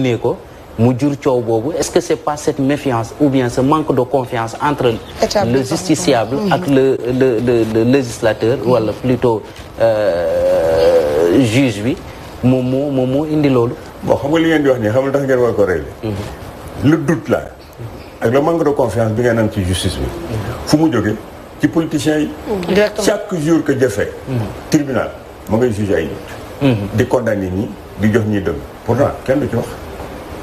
ne ko mu est-ce que c'est pas cette méfiance ou bien ce manque de confiance entre le justiciable et le le le le législateur mm-hmm. wala plutôt euh, juge bi moom moo moom indi loolu bon xam nga li ngeen di wax nii xam nga tax ngeen ko mm-hmm. le doute là ak le manque de confiance bi ngeen am ci justice bi mm-hmm. fu mu ci politiciens chaque jour que jëfee tribunal ma ngay juge ay nit di condamner, ñi di jox pourtant kenn du ci wax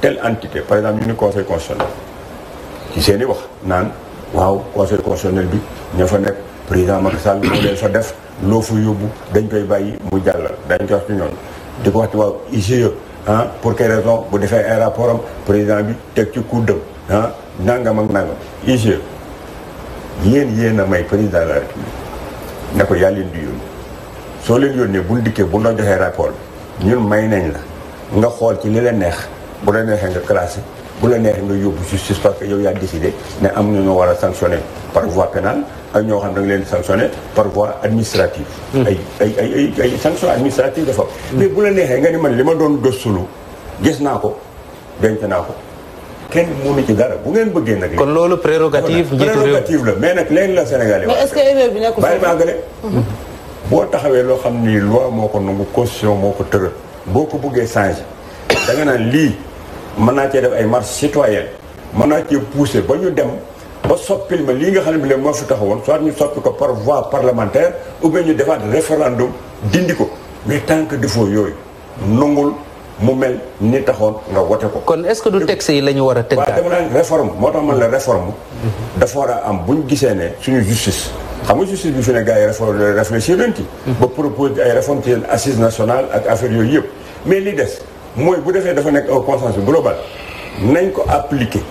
tel entité par exemple ñu ni conseil constitutionnel ci seen i wax naan waaw conseil constitutionnel bi ñoo fa nekk président Macky Sall moo leen fa def loo fa yóbbu dañ koy bàyyi mu jàllal dañ ko wax ci ñoom di ko wax ci waaw ah pour quelle bu defee un rapport am président bi teg ci kuddam ah nangam ak nangam IGE yéen yéen a may président de la république ne ko yaa leen di yónni soo leen yónnee buñ dikkee bu noo joxee rapport bi ñun may nañ la nga xool ci li la neex bu la neexee nga classé bu la neexee nga yóbbu justice parce que yow yaa décidé ne am na ñoo war a sanctionné par voie pénale ak ñoo xam da nga leen sanctionné par voie administrative. Hmm. ay ay ay ay sanction administrative dafa hmm. mais bu la neexee nga ni man li ma doon gëstulu gis naa ko denc naa ko. kenn mënu ci dara bu ngeen bëggee nag. kon loolu prérogative njiitu la mais nag léegi la Sénégalais. mais est-ce que erreur hmm. boo taxawee loo xam ni loi moo ko nangu constitution moo ko tëral. boo ko bëggee changé da nga lii. mën naa cee def ay marche citoyenne mën naa cee pousser ba ñu dem ba soppil ma lii nga xam ne bi moo fi taxawoon soit ñu soppi ko par voie parlementaire ou bien ñu defaat référendum dindi ko mais tant que defoo yooyu nungul mu mel ni taxoon nga wote ko. kon est-ce que du texte yi la ñu war a tëggaat. waaw dama naan réforme moo tax man la réforme. dafa war a am bu ñu gisee ne suñu justice. xam nga justice bi fi ne gars yi réforme réfléchir nañ ci. ba proposer ay réformes ci assise ak affaire yooyu yëpp mais li des. moy bu defee dafa nek un consensus global nañ ko appliquer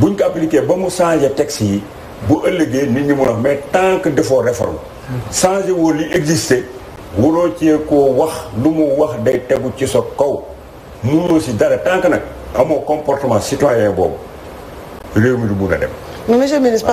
buñ ko appliquer ba mu changer texte yi bu ëllëgee nit ñi mun a wax mais tant que defoo réforme changer woo li existé wuro ci ko wax lu mu wax day tegu ci sa kaw munoo ci dara tant que nag amoo comportement citoyen boobu réew mi du mëna dem monsieur ministre